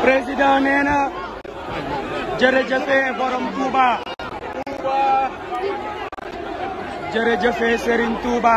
President neena jërëjëfe borom Touba jërëjëfe Serigne Touba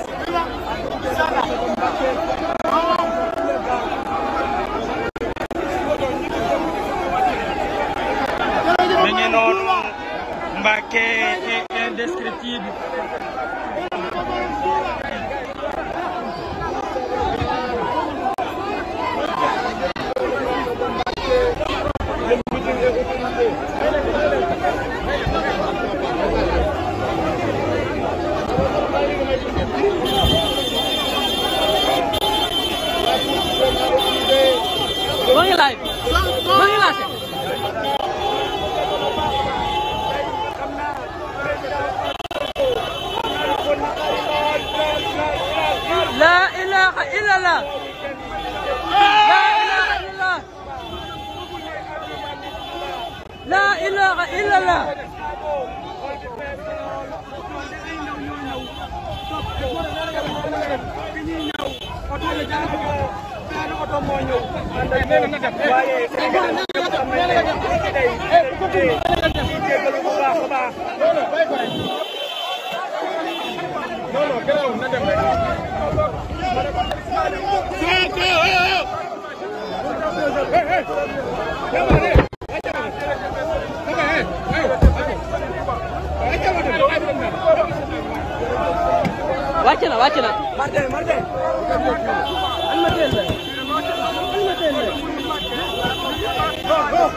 Kibe. illallah la ilaha illallah la ilaha illallah Non, non, garaawul na dem rek Váchala, váchala. Marte, Marte. No, no.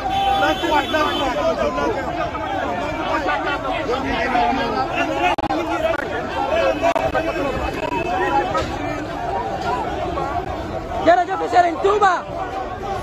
en tuba!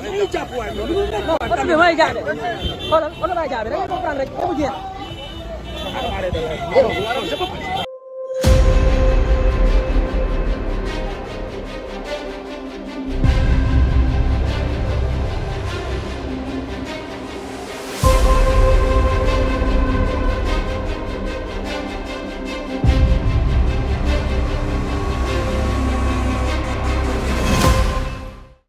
ñu jàpp waay moom oto bi mooy gaare xoolal oto bay gaare da ngay comprendre rek ba mu jeex